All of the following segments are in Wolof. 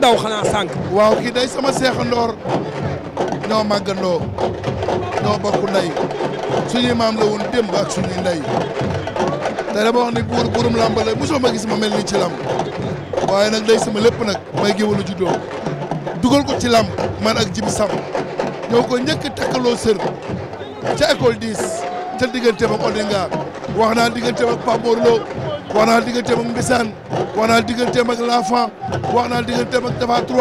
daw xanaa sànq. waaw kii day sama seexandoor ñoo màggandoo ñoo bokk ndey suñuy maam la woon dém ak suñuy ndey te dama wax ni buur buurum làmb la mosoo ma gis ma mel ni ci làmb waaye nag day sama lépp nag may géwalu juddoo dugal ko ci làmb man ak jibi sam ñoo ko njëkk takkaloo sër ca école 10 ca digganteem Odinga wax naa digganteem ak Pape Mor wax naa digganteem ak Mbisaan wax naa digganteem ak l'enfant wax naa digganteem ak Tapha 3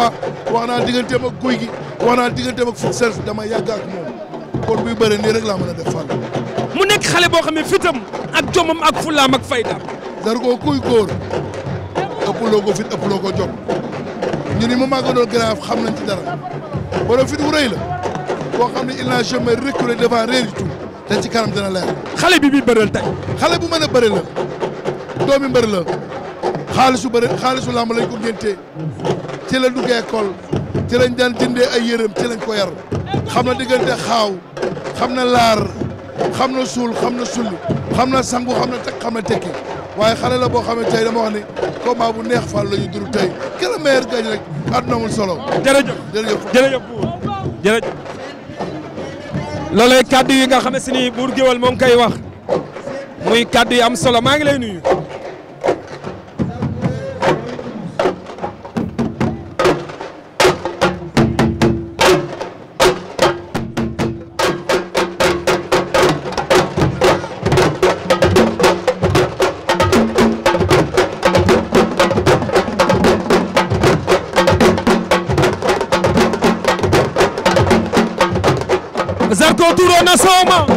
wax naa digganteem ak guy gi wax naa dama yàgg ak moom kon buy bëre nii rek laa mën a mu nekk xale boo xam ne fitam ak jomam ak fulaam ak faydaam. Zarko kuy góor ëpp loo ko fit ëpp loo ko jom ma ni mu xam nañ ci dara borom fit wu la boo xam ne il n'a jamais reculé devant rien du tout te ci kanam xale bi bi bëreel tey. xale bu mën a bëri la doomi xaalisu bëri xaalisu làmb lañ ko ngéntee ci la duggee école ci lañ daan jëndee ay yërëm ci lañ ko yar xam na diggante xaaw xam na laar xam na suul xam na sulli xam na sangu xam na teg xam na tekki waaye xale la boo xam ne tey dama wax ni combat bu neex Fall la ñu duru tey que le meilleur gagne rek àdduna amul solo. jërëjëf jërëjëf jërëjëf jërëjëf. loolay kaddu yi nga xam ne si ni buur géwal moo ngi koy wax muy kaddu yi am solo maa ngi lay nuyu. na soow ma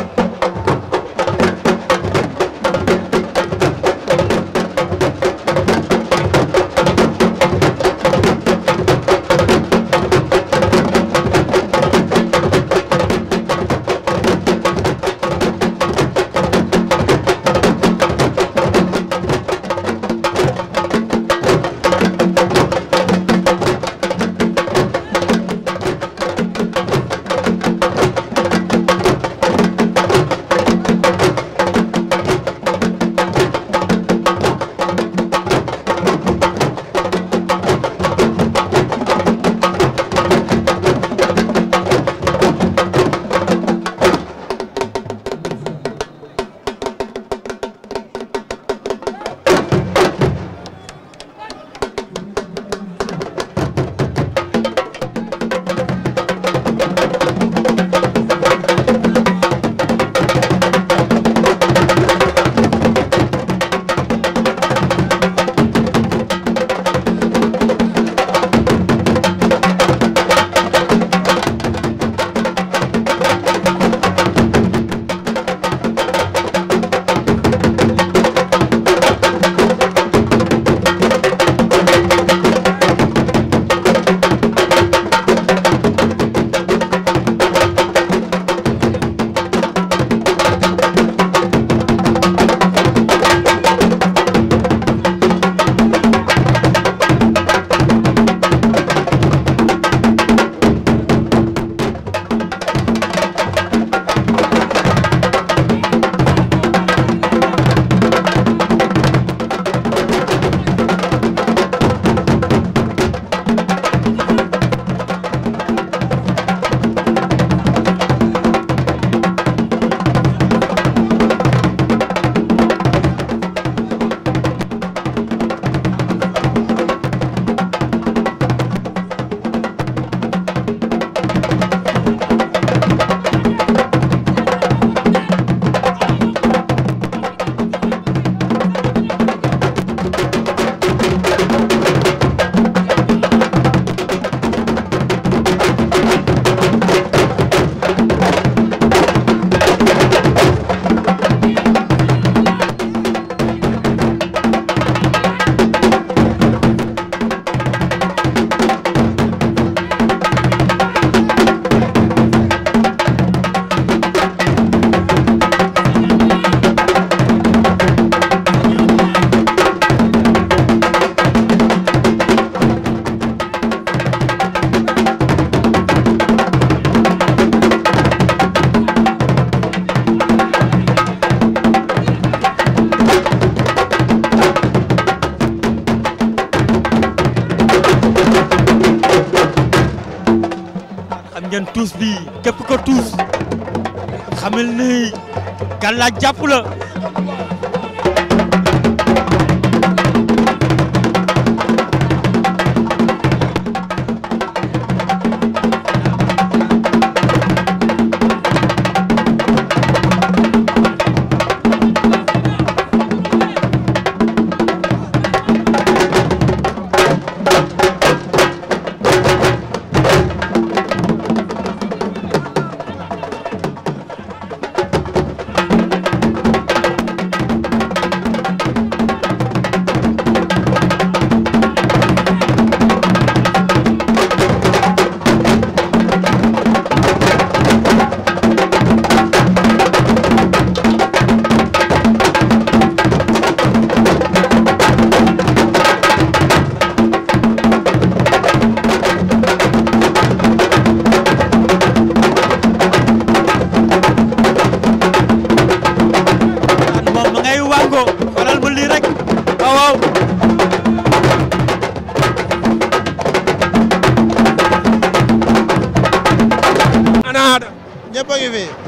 mel nii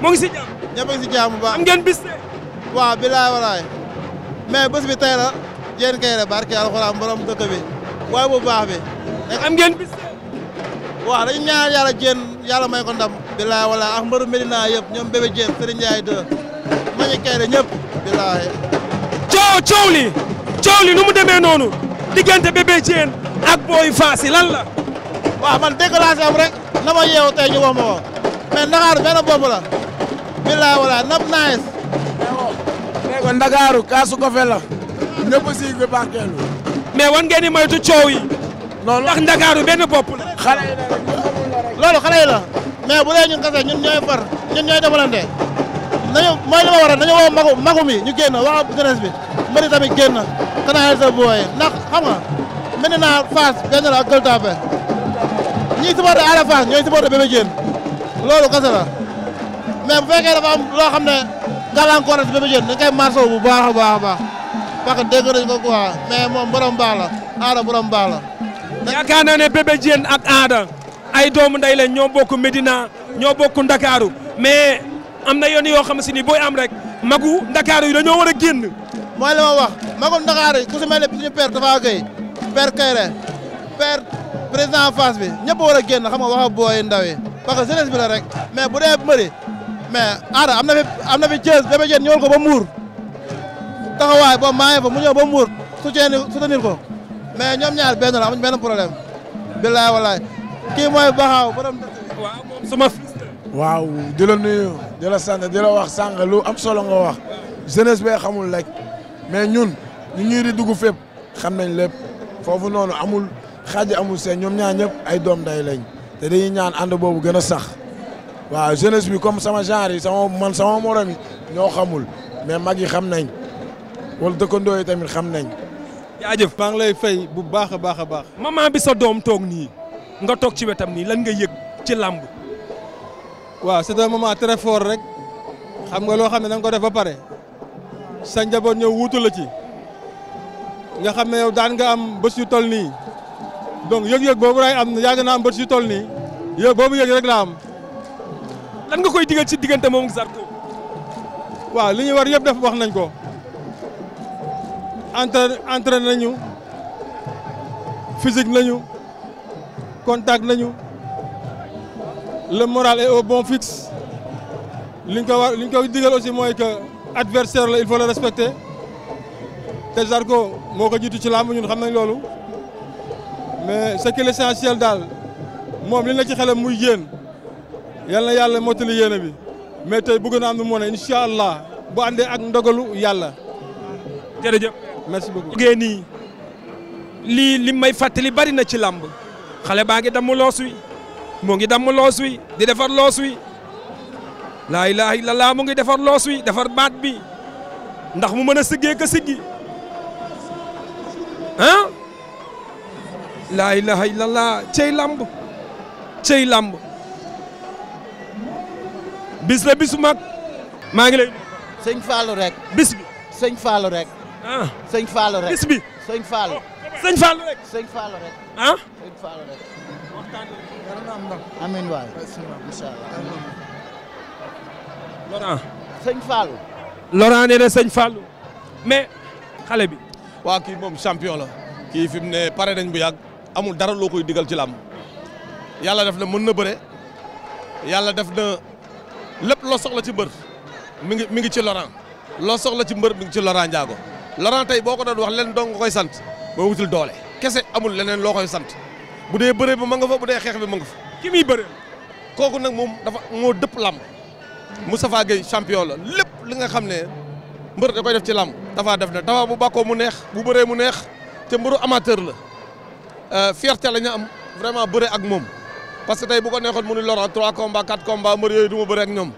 mu ngi si jàmm. ñëpp a ngi si jàmm bu baax am ngeen bis de. waaw barke alxuraan borom dëkk bi bu baax bi. am ngeen bis de. waaw dañu ñaan yàlla jéen may ko ndam. bilaay walaay ak mbëru Medina yëpp ñoom bébé jéen Serigne Ndiaye 2 ma ñu kay la ñëpp bilaay. coow coow li coow li nu mu demee noonu diggante bébé jéen ak booy faasi lan la. waaw man déclaration am rek na ma yeewu tey ñu wax ma ko mais Ndakaaru benn bilaa wala nap nice nee ko Ndakaaru kaasu ko fe la bi barkeelu mais wan ngeen ni moytu coow loolu ndax Ndakaaru benn bopp la xale yi la loolu bu dee ñun kase ñun ñooy far ñun ñooy defalante mooy li ma nañu woo magu ñu génn wa jeunesse bi mbëri tamit génn kanaa sa booyee ndax xam nga mën naa Fass benn la ak Gueule Tapée ñii supporté ñooy supporté Bébé loolu kase mais bu fekkee dafa am loo xam ne gàllankoor la si Bébé Diène dañ koy marché bu baax a baax a baax parce que dégg nañ ko quoi mais moom borom baax la aada borom baax la. yaakaar naa ne Bébé Diène ak aada ay doomu ndey lañ ñoo bokk Medina ñoo bokk Ndakaaru mais am na yoon yoo xam si ni booy am rek magu Ndakaaru yi dañoo war a génn. mooy la ma wax magu Ndakaaru yi ku si mel ne suñu père dafa gay père Kayre père président face bi ñëpp war a génn xam nga wax a booy ndaw yi parce que jeunesse bi la rek mais bu dee mëri. mais aada am na fi am na fi Thiès Bébé Diène ko ba Mbour taxawaay boobu maa ngi fa mu ñëw ba Mbour soutien soutenir ko mais ñoom ñaar benn la amuñ benn problème billaay wallaay kii mooy baxaaw borom waaw moom waaw di la nuyu di la sant di la wax sànq lu am solo nga wax jeunesse bee xamul lek mais ñun ñu ñuy di dugg fépp xam nañ lépp foofu noonu amul xaaj amul seen ñoom ñaar ñëpp ay doom day lañ te dañuy ñaan ànd boobu gën a sax waaw jeunesse bi comme sama genre yi man sama morom ñoo xamul mais mag yi xam nañ wala dëkkandoo yi tamit xam nañ. jaajëf maa ngi lay fay bu baax a baax a baax. maman bi sa doom toog nii nga toog ci wetam nii lan nga yëg ci làmb. waaw c'est un moment très fort rek xam nga loo xam ne da ko def ba pare sa njaboot ñëw wuutu la ci nga xam ne yow daan nga am bés yu toll nii donc yëg-yëg boobu laay am yàgg naa am bés yu nii yëg boobu yëg rek laa am. lan nga koy digal ci diggante moom ak waaw li ñu war yëpp def wax nañ ko entre entraîné nañu physique nañu contact nañu le morale est au bon fixe li ko war li ko digal aussi mooy que adversaire la il faut le respecter te Zarko moo ko jiitu ci làmb ñun xam nañ loolu mais ce qui l'essentiel daal moom li na ci xelam muy yéen. yal na yàlla mottali yéene bi mais tey bëgg naa am lu mu allah bu àndee ak ndogalu yàlla. jërëjëf merci beaucoup. jógee nii lii li may fàttali bari na ci làmb xale baa ngi damm loos wi mu ngi damm loos wi di defar loos wi laa ilaaha illallaah mu ngi defar loos wi defar baat bi ndax mu mën a siggee ka siggi ah laa ilaaha illallaah cey làmb cey làmb bis la bisu mag. maa ngi lay. sëñ Fallou rek. bis bi sëñ Fallou rek. ah sëñ Fallou rek bis bi. sëñ Fallou oh, sëñ Fallou rek. sëñ Fallou rek. ah sëñ Fallou rek. amiin waay. incha allah. mais xale bi. waa kii moom champion la. kii fi mu ne pare nañ bu yàgg amul dara loo koy digal ci làmb def na mën na bëre yàlla def na. lépp loo soxla ci mbër mi ngi mi ngi ci Laurent loo soxla ci mbër mi ngi ci Laurent Ndiago Laurent tey boo ko doon wax leen dong nga koy sant boo wutul doole kese amul leneen loo koy sant bu dee bëree bi ma nga fa bu dee xeex bi ma nga fa ki bëre kooku nag moom dafa moo dëpp làmb Moustapha Gueye champion la lépp li nga xam ne mbër da koy def ci làmb dafa def na dafa bu bàkkoo mu neex bu bëree mu neex te mbëru amateur la euh, fierté la ñu am vraiment bëre ak moom parce que tey bu ko neexoon mu ni Laurent 3 combats 4 combats mbër yooyu ak ñoom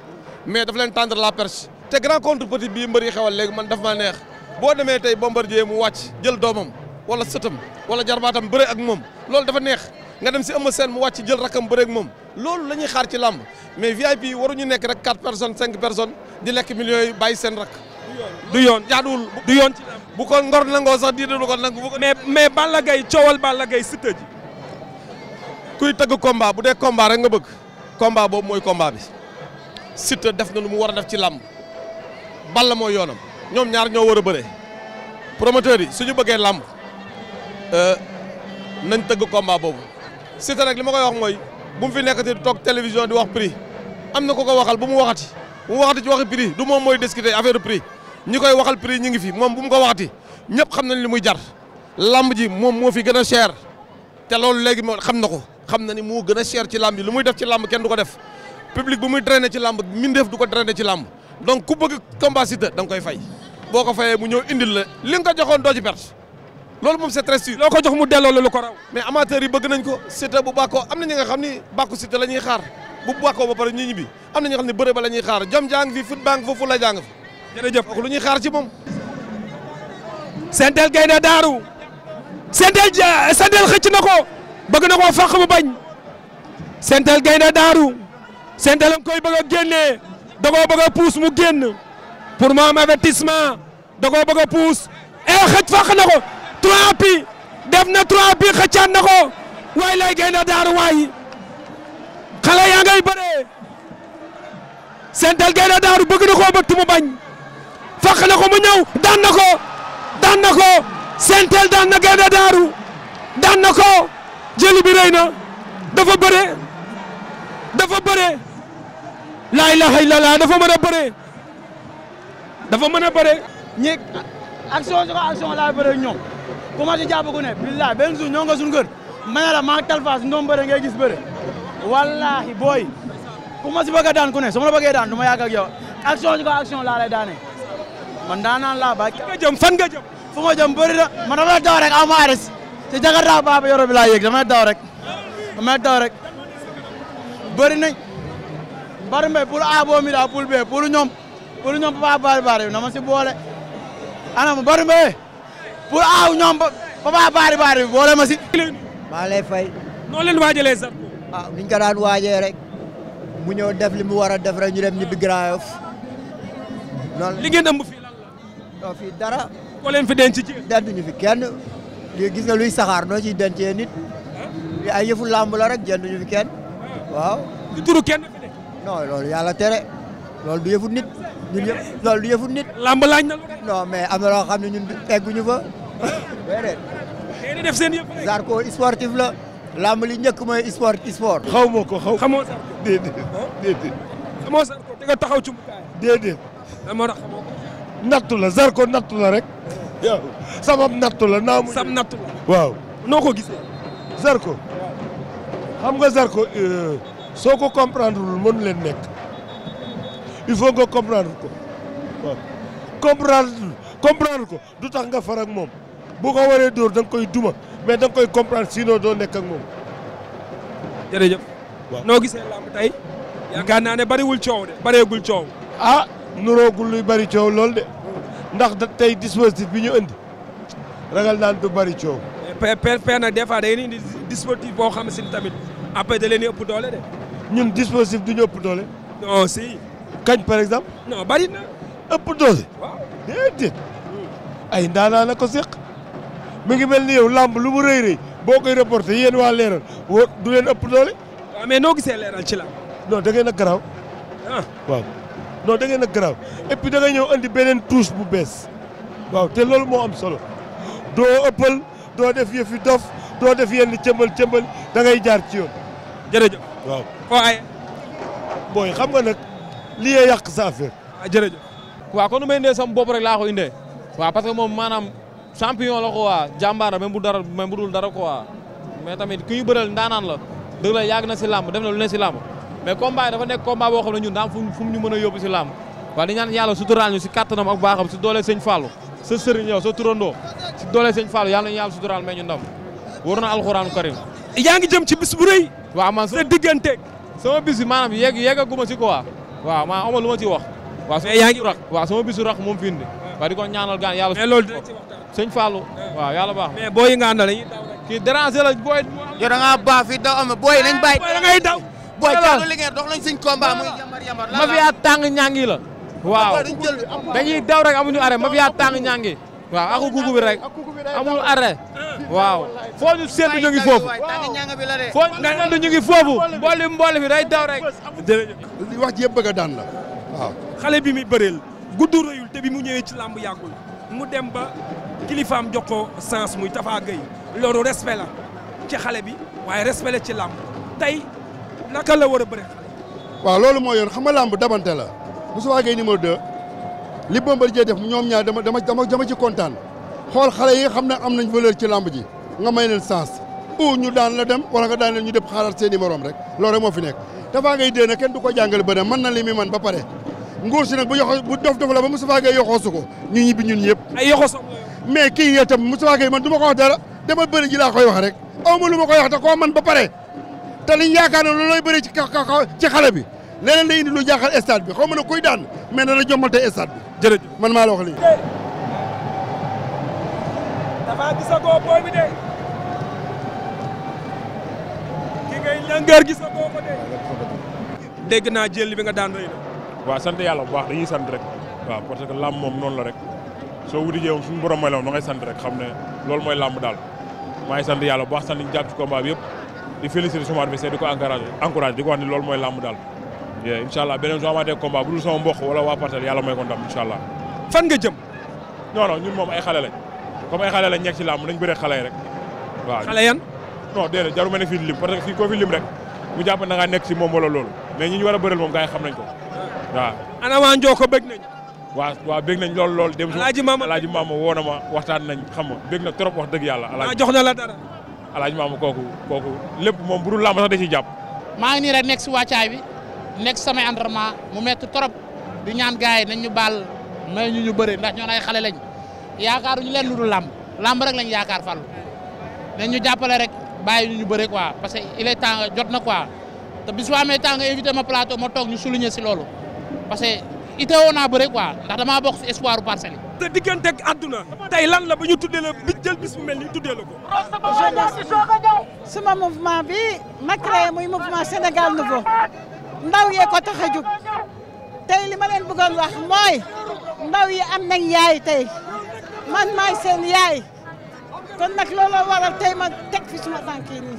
mais daf leen tendre la perche te grand contre petit bii mbër yi xewal léegi man daf maa neex boo demee tey Bombardier mu wàcc jël doomam wala sëtam wala jarbaatam bëre ak moom loolu dafa neex nga dem si Eumeu Sène mu wàcc jël rakkam bëre ak moom loolu la ñuy xaar ci làmb mais VIP yi waruñu nekk rek 4 personnes 5 personnes di lekk millions yi bàyyi seen rakk. du yoon jaaduwul yoon ci ko ngor nangoo sax diiru ko nangu. mais mais Balla Gaye kuy tëgg combat bu dee combat rek nga bëgg combat boobu mooy combat bi Siteu def na lu mu war a def ci làmb Balla mooy yoonam ñoom ñaar ñoo war a bëree promoteurs yi suñu bëggee làmb euh, nañ tëgg combat boobu Siteu rek li ma koy wax mooy bu mu fi nekkati toog télévision di wax prix am na ko ko waxal bu mu waxati bu mu waxati ci waxi prix du moom mooy discuter affaire prix ñi koy waxal prix ñi ngi fi moom bu mu ko waxati ñëpp xam nañ li muy jar làmb ji moom moo fi gën a cher te loolu léegi moo xam na ko xam na ni moo gën a cher ci làmb yi lu muy def ci làmb kenn du ko def public bu muy drainer ci làmb mindeef du ko drainer ci làmb donc ku bëgg combat Siteu da koy fay boo ko fayee mu ñëw indi la li nga ko joxoon doo ci perte loolu moom c'est très sûr. ko jox mu delloo la lu ko raw. mais amateurs yi bëgg nañ ko Siteu bu bàkkoo am na ñi xam ni bàkku Siteu la ñuy xaar bu bàkkoo ba pare ñi ñibbi am na ñi xam ne bëre ba la ñuy xaar jom jàng fi foot bank foofu la jàng fi jërëjëf ak lu ñuy xaar ci moom sentel gaynde daaru sentel sentel na ko bëgg na koo fàq bu bañ sentel gaynde daaru sentel am koy bëgg a génnee da koo bëgg a puus mu génn pour mu am avertissement da koo bëgg puus e eh, xëj na ko trois def na trois bi na ko waay lay gaynde daaru waay xale yaa ngay bëree sentel gaynde daaru bëgg na koo bëtt mu bañ fàq na ko mu ñëw daan na ko daan na ko sentel daan na gaynde daaru daan na ko jëli bi rëy na dafa bëre dafa bëre laa ilaha illallah dafa mën a bëre dafa mën a bëre ñeeg action soko action laa bëre ñoom commencé jàpp ku ne billahi benn jour ñoo nga suñu kër ma ne la maa talfaas ndoom bëre ngay gis bëre wallahi booy ku ma si bëgg a daan ku ne su ma bëggee daan du ma yàgg ak yow action laa la daane man daanaan laa ba fan nga jëm fan nga jëm fu ma na man dafa taw rek ama aris te jakarta Papa Yoro bi laa yéeg damay daw rek damay daw rek bëri nañ bari mbay pour A boo mi daa pour B pour ñoom pour ñoom Papa Bari Bari na ma si boole anam bari mbay pour A ñoom Papa Bari Bari bi boole ma si. maa lay fay. noo leen waajalee sax. ah niñ ko daan waajee rek mu ñëw def li mu war a def rek ñu dem ñibbi Grand Yoff. noonu li ngeen ëmb fii lan la. fii dara. koo leen fi denc ci. denc ñu fi kenn. lii gis nga luy saxaar noo ciy dencee nit li ay yëfu làmb la rek jënduñu fi kenn waaw. du turu loolu yàlla tere du yëfu nit ñun du yëfu nit. làmb laaj na non mais am na loo xam yëpp rek. Zarko sportif la. làmb li njëkk mooy sport sport. xaw ko xaw Zarko. déedéet déedéet. taxaw la Zarko la rek. yow sama la naamu. sam nattu waaw. noo ko gisee. Zarko xam nga Zarko euh, soo ko comprendre lul mënu leen nekk il faut nga comprendre ko waaw comprendre ko du tax nga far moom boo ko waree dóor da nga koy duma mais danga nga koy comprendre sinon doo nekk ak moom. jërëjëf. waaw noo gisee làmb tey. yaakaar naa ne bariwul coow de. bareegul coow. ah nuroogul luy bari coow lool de. ndax tey dispositif bi ñu indi ragal naan du bari coow. per per nag des fois day indi dispositif boo xam si tamit après da leen doole de. ñun dispositif du ñu ëpp doole. non si. kañ par exemple. non bari na. ëpp doole. waaw ay ndaanaa na ko seq. mi ngi mel ni yow làmb lu mu rëy boo koy reporté yéen waa leeral woo du leen ëpp doole. waaw mais noo gisee leeral ci la. non da ngeen a garaaw. ah waaw. non da ngeen a garaaw et puis ñëw andi beneen touche bu bees waaw te loolu moo am solo doo ëppal doo def fi dof doo def yenn cëmbal cëmbal da ngay jaar ci yoon. jërëjëf waaw. foo ay. booy nga nag li yee yàq sa affaire. Ah, jërëjëf. kon nu may indee sama bopp rek laa ko indee. waa parce que moom maanaam champion la ko waa jàmbaar même bu dara même bu dul dara ko waa tamit ku ñu ndaanaan la dëgg la yàgg na si làmb def na lu ne si làmb. mais combat yi dafa nekk combat boo xam ne ñun daam fu mu ñu mën a yóbbu si làmb waaye di ñaan yàlla suturaal ñu si kattanam ak baaxam si doole sëñ Fallou sa si doole sëñ Fallou yàlla nañu yàlla suturaal mais ñu na alxuraanu karim yaa ngi ci bis bu rëy waaw man sama bis bi maanaam yeeg yeegaguma si quoi waaw maa ama ma si wax waaw su yaa ngi rax waaw sama bisu rax moom fi indi waaw di ko ñaanal gaan yàlla mais loolu dina ci waxtaan sëñ Fallou waaw yàlla baax mais booy yi nga àndal dañuy daw rek kii déranger la booy daw booy caal dox nañ suñ combat ma fiyaa tàng ñangi la waaw dañuy daw rek amuñu arrêt ma fiyaa tàng ñangi waaw aku gugu bi rek amul arrêt waaw foo ñu seetlu ñu ñu seetlu ñu ngi foofu mbooli mbooli bi day wax ji yëpp a daan la waaw xale bi muy bëreel gudd rëyul te bi mu ñëwee ci làmb yàggul mu dem ba kilifaam jox ko sens muy Tafa Gueye loolu respect la ci xale bi waaye respect ci làmb tey naka la war a bëre waaw loolu moo yoon xam nga làmb dabante la Moussa Gueye numéro 2 li Bombardier def ñoom ñaar dama dama dama ci kontaan xool xale yi xam ne am nañ valeur ci làmb ji nga may leen sens ou ñu daan la dem wala nga daan leen ñu dëpp xaalaat seen i morom rek loolu rek moo fi nekk Tapha Gueye 2 nag kenn du ko jàngal bëre mën na li mi man ba pare nguur si nag bu yoxo bu dof dof la ba Moussa Gueye yoxoosu ko ñu ñibbi ñun ñëpp ay mais kii itam Moussa Gueye man du ma ko wax dara dama bëri ji laa koy wax rek aw ma lu ma koy wax te koo man ba pare te liñ yaakaar ne loolu lay bëri ci ci xale bi leneen day indi lu jaaxal stade bi xaw man na koy daan mais na jommal tey stade bi jërëjëf man maa la wax lii. dafa gisagoo booy bi de ki ngay lëngeer gisagoo ko de. dégg naa jël bi nga daan rëy na. waaw sant yàlla bu wax dañuy sant rek. waaw parce que lam moom noonu la rek soo wuti jéem suñu borom may la moom da sant rek xam ne loolu mooy làmb daal maa ngi sant yàlla bu baax sant ñu jàpp ci combat bi yëpp. di féliciter sama adversaire ko encouragé encouragé di ko wax ni loolu mooy làmb daal incha allah beneen soo amaatee combat bu dul sama mbokk wala waa partel yàlla may ko ndam incha fan nga jëm non non ñun moom ay xale lañ comme ay xale lañ nekk ci làmb nañ bëree xale yi rek waaw xale yan non déedéet jaru ma ne fii lim parce que fii koo fi lim rek mu jàpp na nga nekk ci moom wala lool mais ñi ñu war a bëreel moom gars yi xam nañ ko waaw ana waa Njoko bëgg nañ waaw lool lool dem Alaaji Maama Alaaji Maama woo na ma waxtaan nañ xam nga bëgg na trop jox na la dara alaaj maamu kooku kooku lépp moom bu dul làmb sax da ciy jàpp. maa ngi nii rek nekk si wàccaay bi nekk samay entraînement mu metti trop di ñaan gars yi nañ ñu baal ma ñu ñu bëri ndax ñoo ay xale lañ yaakaaruñu leen lu dul làmb lamb rek lañ yaakaar fal nañ ñu jàppale rek bàyyi ñu ñu bëri quoi parce que il est jot na quoi te bis waa amee temps nga ma plateau ma toog ñu souligner si loolu parce itewoo naa bëre quoi ndax damaa bokk si espoir bu parcelles yi. te diggante ak àdduna tey lan la ba ñu tuddee la mel nii tuddee la suma mouvement bi ma créé muy mouvement Sénégal nouveau ndaw yee ko tax a jug tey li ma leen bëggoon wax mooy ndaw yi am nañ yaay tey man maay seen yaay kon nag looloo waral tey ma teg fi suma tànk yi nii.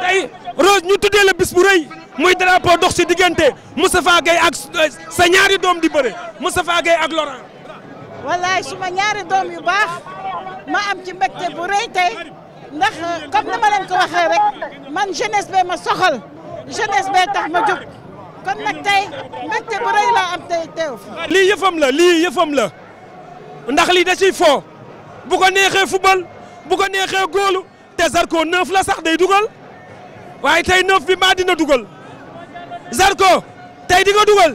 tey Rose ñu tuddee la bis muy drapeau dox ci diggante Moustapha Gueye ak euh, sa ñaari doom di bëre Moustapha Gueye ak Laurent. wallaay suma ñaari doom yu baax ma am ci mbégte bu rëy tey ndax euh, comme ni ma leen ko waxee rek man jeunesse bee ma soxal jeunesse bee tax ma jóg kon nag tey mbégte bu rëy am tey teew. lii yëfam la lii yëfam la ndax lii da ciy foo bu ko neexee football bu ko neexee góolu te Zarko neuf la sax day dugal waaye tey neuf bi maa dina dugal. Zarko tey di dugal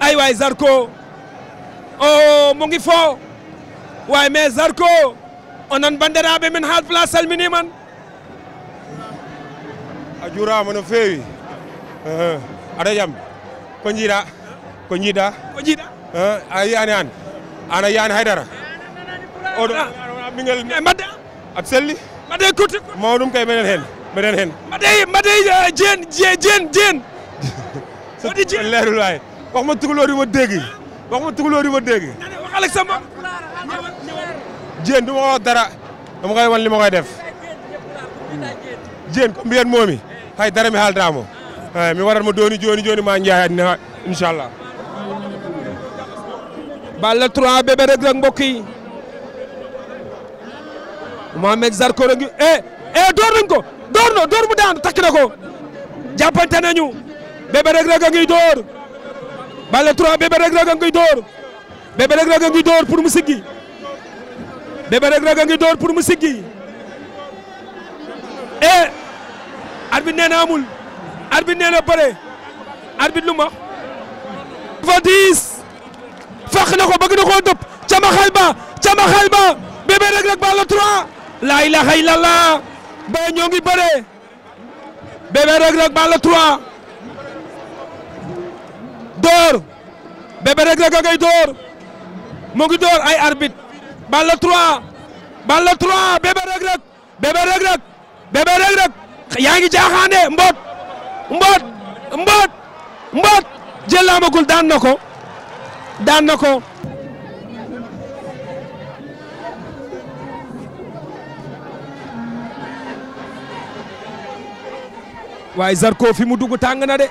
ay waay Zarko oh mu ngi fo waaye mais Zarko onon bandiraɓe men haalpula salmini man a juurama no feewi eh, aɗa yaam ko jiiɗa ko jiiɗa ko jiiɗa eh, a yiyani an an a yiyani haydara oɗo ɓingel eh, mbadda aɓe selli mbaɗe kutte mawɗum kay meɗen hen meɗen hen mbaɗe mbaɗe jeen jeen jeen wax ma tukulóor yu ma dégg wax ma tukulóor yu ma dégg waxal ak sa mbokk jéen du ma wax wan li ma koy def jéen comme yéen moomi xay dara mi xaal daamo mi waral ma dooni jooni jooni ma njaay adina incha allah Balla 3 bébé rek rek mbokk yi Mohamed Zarko rek eh, eh, door nañ ko door na mu daanu takk na ko jàppante nañu Bébé Reug Reug a ngi door Balla 3 Bébé Reug Reug a ngi door Bébé Reug Reug a ngi door pour mu siggi Bébé Reug Reug a ngi door pour mu siggi eh arbitre nee amul arbitre nee na pare arbitre lu ma dafa diis fàq na ko bëgg na koo dëpp cama xal ba cama xal ba Bébé Reug Reug Balla 3 la ilaha illallah ba ñoo ngi bare Bébé Reug Reug Balla 3 door Bébé Reug Reug a ngay door mu ngi door ay arbitre bal la 3 bal la 3 Bébé Reug Reug Bébé Reug Reug yaa ngi jaaxaane mboot mboot mboot mboot jël la amagul daan na ko daan na ko waaye Zarko fi mu dugg tàng na de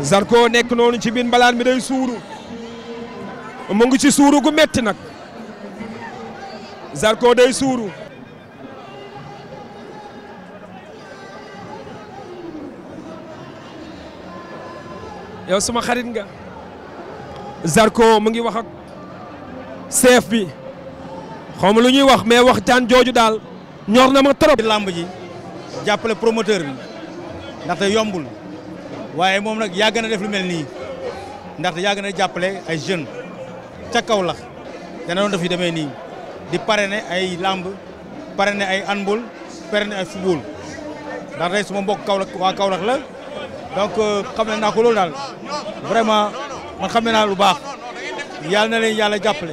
sarko nekk noonu ci biir mbalaan mi day suuru mu ngi ci suuru gu metti nag Zarko day suuru yow suma xarit nga Zarko mu ngi wax ak chef bi xawma lu ñuy wax mais waxtaan jooju daal ñor na ma trop. làmb ji jàppale promoteur bi ndaxte yombul. waaye moom nag yàgg na def lu mel nii ndaxte yàgg na jàppale ay jeunes ca Kaolack dana doon def yu demee nii di parrainer ay làmb parrainer ay handball parrainer ay football ndax tey suma mbokk Kaolack waa Kaolack la donc euh, xam naa ko loolu daal vraiment man xam naa lu baax yàlla na leen yàlla jàppale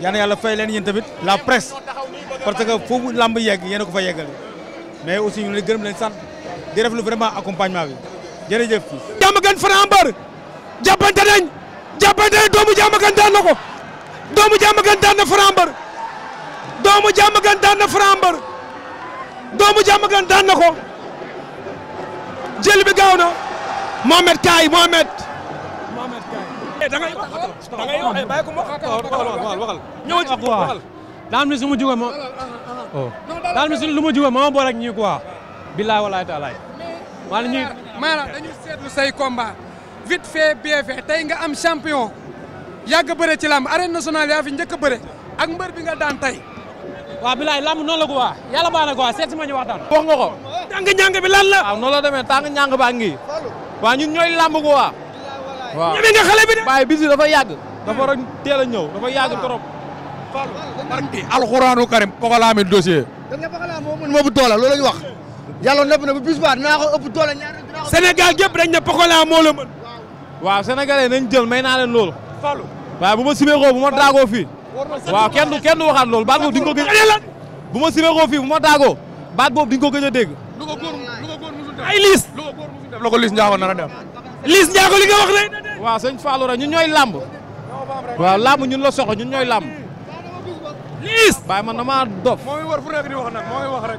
yàlla na yàlla fay leen yéen tamit la presse parce que foofu lamb yegg yéen a ko fa yegal mais aussi ñu leen gërëm leen sant di ref lu vraiment accompagnement bi jërëjëf. Diamaguène Franc Mbeur jàppante nañ jàppante nañ doomu Diamaguène daan na ko doomu Diamaguène daan na Franc doomu Diamaguène daan daan na ko jël bi gaaw na Mohamed Kaay Mohamed. Mohamed eh, eh, waxal waxal waxal. daal mi su ma jugee ma daal mi oh. ñii quoi. billaay walaay taalaay. wala ñuy maanaam dañu seetlu say combat vite fait bien fait tey nga am champion yàgg bëre ci lamb arène nationale yaa fi njëkk a bëre ak mbër bi nga daan tey. waaw bilaay lamb noonu la ko waa yàlla baax na ko waa seet si ma ñu waxtaan. wax nga ko. tàng ñàng bi lan la. waaw noonu la demee tàng ñàng baa ngi. waa ñun ñooy lamb ko waa. waaw ñeme nga xale bi de. waaye bis dafa yàgg. dafa war a teel a ñëw dafa yàgg trop. Fallou barki alxuraanu karim. Pogola mi dossier. da nga Pogola moo mën bu toola wax. yàlla nepp na bu bis baa dinaa ko ëpp doole ñaari Sénégal gépp dañ ne Pokola moo la mën. waaw sénégalais nañ jël may naa leen loolu. Fallou waaw bu ma simeekoo bu ma daagoo fii. waaw kenn du kenn du waxaat loolu baat boobu di nga ko gëj a. bu ma simeekoo fii bu ma daagoo baat boobu di nga ko gëj a dégg. lu ko góor lu ko góor musul def ay liis. lu ko góor musul def la ko liis Ndiakho nar a def. liis Ndiakho li nga wax lay. waaw sëñ Fallou rek ñun ñooy làmb. waaw làmb ñun la soxla ñun ñooy làmb. liis. waaye man damaa dof. moo ngi war fu nekk di wax nag moo ngi wax rek.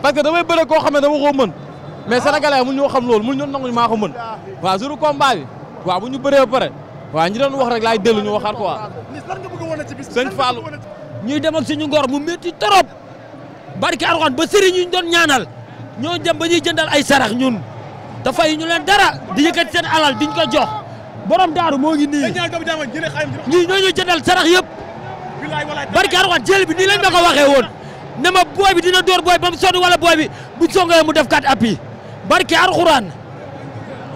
parce que damay bëre koo xam ne dama koo mën mais sénégalais mun ñoo xam loolu mun ñoo nanguñu maa ko mën waaw jour combat bi waaw bu ñu bëree ba pare waaw ñi doon wax rek laay dellu ñu waxaat quoi sëñ Fallou ñuy dem ak suñu ngor mu métti trop barki Alxuraan ba sëriñ ñu doon ñaanal ñoo dem ba ñuy jëndal ay sarax ñun dafay ñu leen dara di yëkkati seen alal diñ ko jox borom daaru moo ngi nii ñii ñoo ñu jëndal sarax yëpp barki Alxuraan jël bi nii lañ ma waxee woon ne ma booy bi dina door booy ba mu sonn wala booy bu songee mu def kat appui barke alxuraan.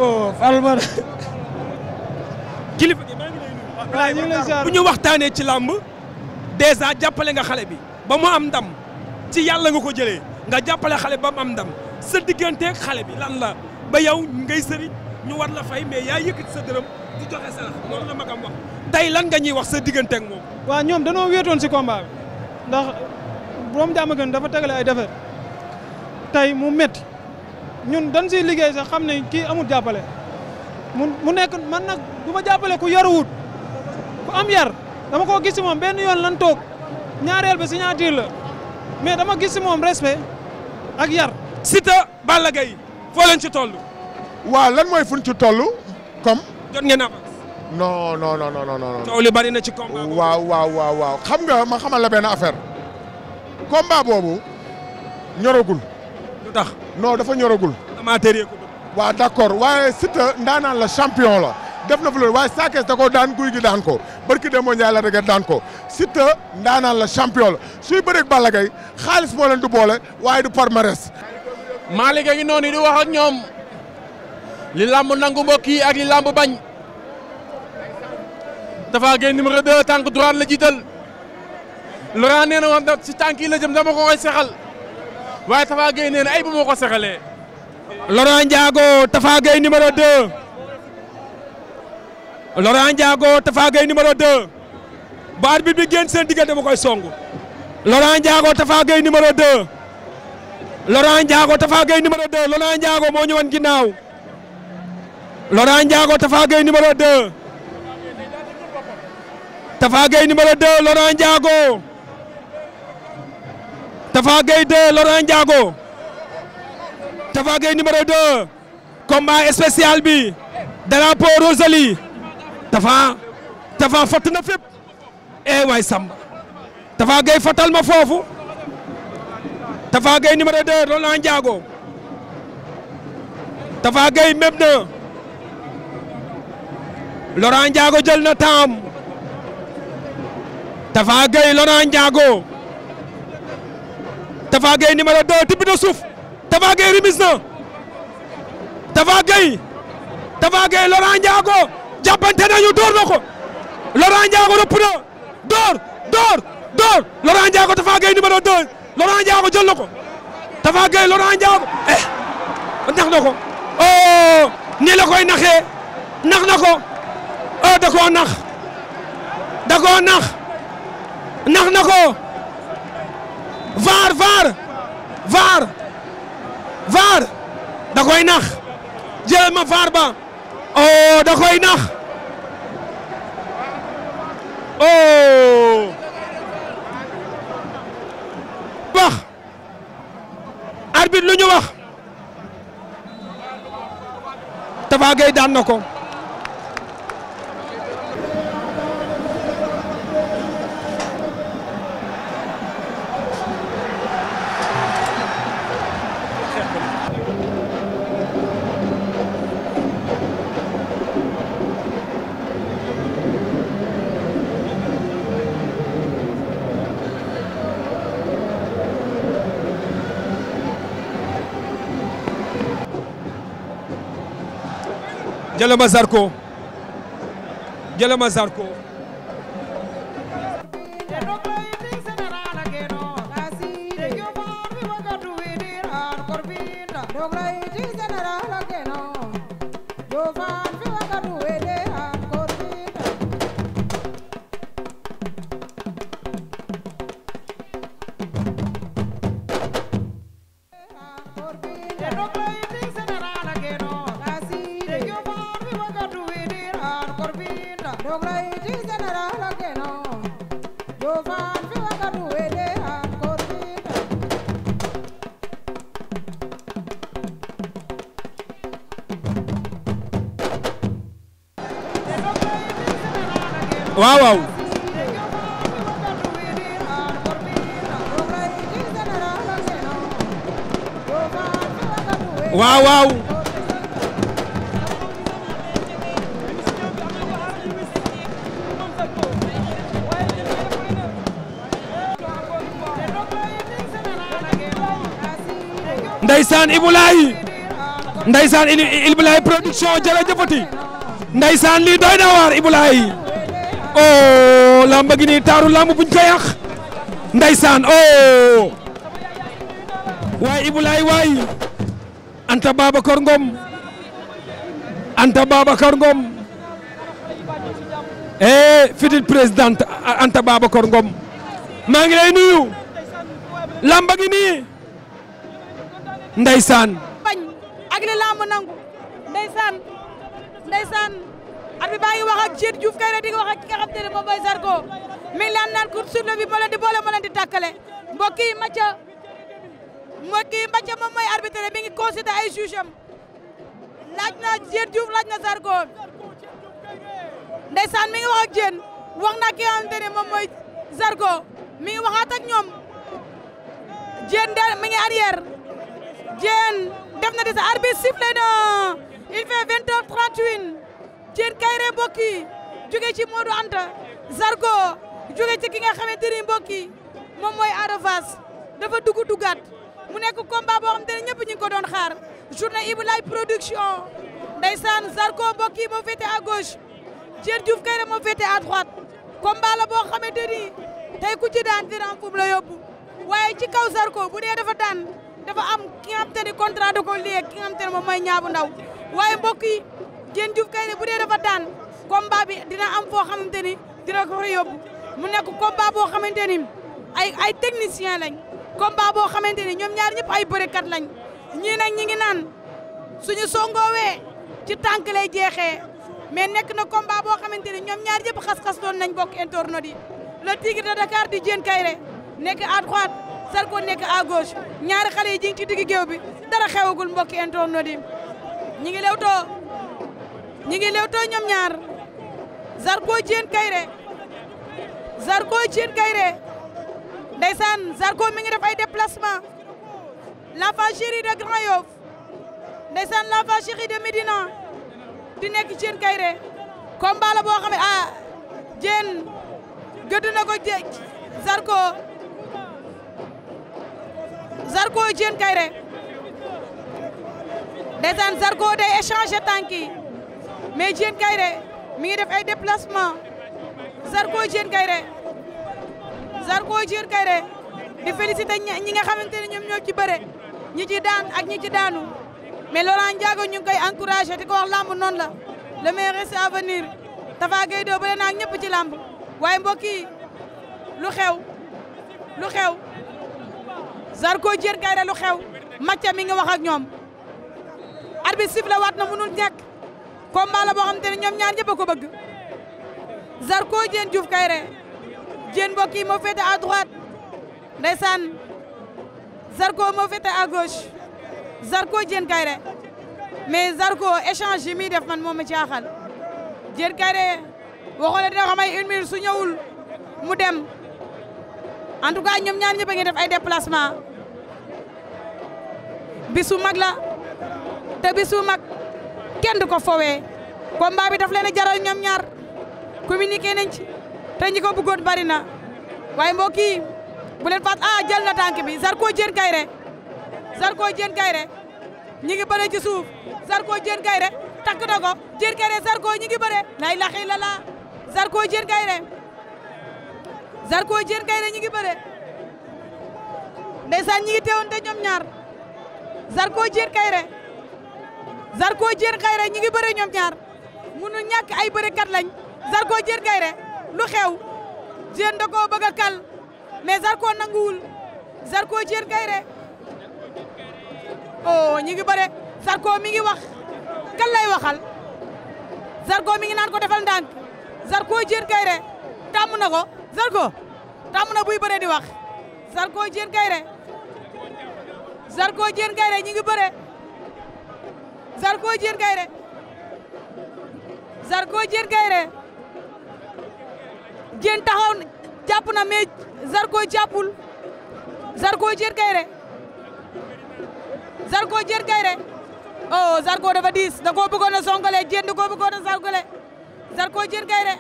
oh Fallou Mar. kilifa gi maa lay nuyu. bu ñu waxtaanee ci làmb dèjà jàppale nga xale bi ba mu am ndam ci yàlla nga ko jëlee nga jàppale xale ba mu am ndam sa xale bi lan la ba yow ngay sëriñ ñu war la fay mais yaa yëkkati sa dërëm lan nga ñuy wax sa digganteeg moom. waaw ñoom danoo wéetoon si combat borom jàmm gën dafa tegale ay defar tey mu métti ñun dañ siy liggéey sax xam ne kii amul jàppale mu mu nekk man nag du ma jàppale ku yaruwut ku am yar dama koo gis si moom benn yoon lan toog ñaareel ba signature la mais dama gis si moom respect ak yar. sita Balla Gaye foo leen ci toll. waaw lan mooy fu ci toll comme. jot ngeen avance. non non non bari na ci combat. waaw waaw xam nga ma xamal la benn affaire. combat boobu ñoragul. lu tax non dafa ñoragul. amateur yi ko waaye Siteu ndaanaan la champion la def na fu waaye Sa Thiès da ko daan guy gi daan ko barki Demba Ndiaye la rek daan ko Siteu ndaanaan la champion suy bëreeg Balla xaalis moo leen du boole waaye du palmarès. Malick a ngi noonu di wax ak ñoom li làmb nangu mbokk ak li làmb bañ dafa génn numéro 2 tànk la jiital. Laurent nee na woon si tànk yi la jëm dama ko koy sexal waaye Tafa Gueye ay bu ma ko sexalee. Laurent Ndiago Tafa Gueye numéro 2. Laurent Ndiago Tafa bi génn seen diggante dama koy song. Laurent Ndiago Tafa Gueye numéro 2. Laurent Ndiago Tafa Gueye numéro 2 Laurent Ndiago moo ñëwoon ginnaaw. Laurent Ndiago Tafa Gueye numéro 2 Tafa Gueye numéro Tafa Gueye 2 Laurent Ndiago Tafa Gueye numéro 2 combat spécial bi drapeau Rosalie Tafa Tafa fatt na fépp eh waay Samba Tafa Gueye fatal ma foofu Tafa Gueye numéro 2 Laurent Ndiago Tafa Gueye méb na Laurent Ndiago jël taam Tafa Gueye Laurent Ndiago Tapha Gueye numéro 2 na suuf Tapha Gueye remise na Tapha Gueye Tapha door na ko Laurent Ndiago rëpp door door door Laurent Ndiago Tapha Gueye numéro 2 Laurent Ndiago na ko Tapha Gueye Laurent Ndiago eh na ko oh nii la koy naxee na ko oh da koo nax da koo na ko. vaar vaar vaar vaar da nax jëlal ma vaar ba oh da nax oh wax arbitre lu ñu wax Tapha Gueye daan na ko jële ma Zarko jële ma Zarko Jova ndeysaan Ibulaay ndeysaan Ibulaay production jërëjëfati ndeysaan lii doy na waar Ibulaay oh lamba gi nii taaru lamb buñ ko yàq ndeysaan oh waay Ibulaay waay Anta Babacar Ngom Anta Babacar Ngom eh future présidente Anta Babacar Ngom maa ngi lay nuyu lamba gi ndeysaan bañ ak li lamb nangu ndeysaan ndeysaan at bi baa ngi wax ak Cheikh Diouf Kayre di nga ki nga xam te ne moom mooy Zarko mi ngi laan naan course le bi ma leen di boole ma leen di tàkkale mbokk yi Mathia mbokk yi Mathia moom mooy arbitre mi ngi ay juge laaj na Cheikh Diouf laaj na Zarko ndeysaan mi ngi wax ak Diène na ki te ne moom mooy Zarko mi ngi waxaat ak ñoom Diène de Diène def na di sa arbitre sifflé na il fait 20h31 Diène Kaïré mbokk ci Modou Anta Zargo jóge ci ki nga xamante ni mbokk yi moom dafa dugg duggaat mu nekk combat boo xam te ne ñëpp ko doon xaar journée Ibou Laye production ndeysaan Zargo mbokk yi moo féete à gauche Diène Diouf Kaïré moo féete à boo xamante ni tey ku ci daan am fu la yóbbu waaye ci kaw Zargo bu dee dafa daan. dafa am ki nga xam ni contrat da ko ki nga xam te ne moom mooy ñaabu ndaw waaye mbokk yi Diène Diouf Kayne bu dafa daan combat dina am foo xamante ni dina ko fa mu nekk combat boo xamante ni ay ay technicien lañ combat boo xamante ni ñoom ñaar ñëpp ay bërekat lañ ñii nag ñi ngi naan suñu songoowee ci tànk lay jeexee mais nekk na combat boo xamante ni ñoom ñaar ñëpp xas-xas doon nañ bokk internautes yi le tigre de Dakar di Diène Kayne nekk à Zarko nekk à gauche ñaari xale yi ji ci digg géew bi dara xewagul mbokki internet yi ñi ngi lewtoo ñi ngi lewtoo ñoom ñaar Zarko Diène Kairé Zarko Diène Kairé ndeysaan Zarko mi ngi def ay déplacement l'enfant chéri de Grand Yoff ndeysaan l'enfant chéri de Médina di nekk Diène Kairé combat boo xam ne ah Diène gëdd na ko Zarko Diène Kairé ndeysaan Zarko day échanger tànk yi mais Diène Kairé mi ngi def ay déplacement Zarko Diène Kairé Zarko Diène Kairé di féliciter ñi nga xamante ne ñoom ñoo ci bëre ñi ci daan ak ñi ci daanu mais Laurent Ndiago ñu ngi koy di ko wax lamb noonu la le meilleur reste à doo bëre naa ak ñëpp ci lamb waaye mbokk lu xew lu xew Zarko jër gaynde lu xew Macha mi nga wax ak ñoom arbitre sifflé waat na mënul ñàkk combat la boo xam te ne ñoom ñaar ñëpp ko bëgg Zarko Diène Diouf Kairé Diène mbokk moo féete à droite ndeysaan Zarko moo féete à Zarko Diène Kairé mais Zarko échange yi muy def man moom ma caaxal Diène Kairé waxoon na dina ko may une minute su ñëwul mu dem. en tout cas ñoom ñaar ñëpp a ngi def ay déplacement bisu mag la te bisu mag kenn du ko fowee combat bi daf leen a jaral ñoom ñaar communiqué nañ ci te ñi ko bëggoon bari na waaye mbokk yi bu leen faat ah jël na tànk bi Zarko Diène Kaïré Zarko Diène Kaïré ñi ngi bëre ci suuf Zarko Diène Kaïré takk na ko Diène Kaïré Zarko ñi ngi bëre la ilaha illallah Zarko Diène Kaïré Zarko Diène Gaynde ñu ngi bëre ndeysaan ñi ngi teewoon te ñoom ñaar Zarko Diène Gaynde Zarko Diène Gaynde ñi ngi bëre ñoom ñaar munu ñàkk ay bërekat lañ Zarko Diène Gaynde lu xew Diène da koo bëgg a kal mais Zarko nanguwul Zarko Diène Gaynde oh ñi ngi bëre Zarko mi ngi wax kan lay waxal Zarko mi ngi naan ko defal ndànk Zarko Diène Gaynde tàmm na ko Zarko tàmm na buy bëree di wax Zarko Diène Kaïré Zarko Diène Kaïré ñi ngi bëree Zarko Diène Kaïré Zarko Diène Kaïré Diène taxaw jàpp na mais Zarko jàppul Zarko Diène Kaïré Zarko Diène Kaïré oh Zarko dafa diis da koo bëggoon a songale Diène da koo bëggoon a songale Zarko Diène Kaïré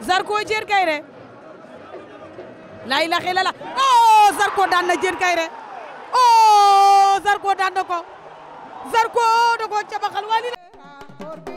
Zarko Diène Kairé lay la xëy la la oh Zarko daan na Diène Kairé oh Zarko daan na ko Zarko da koo cabaxal wali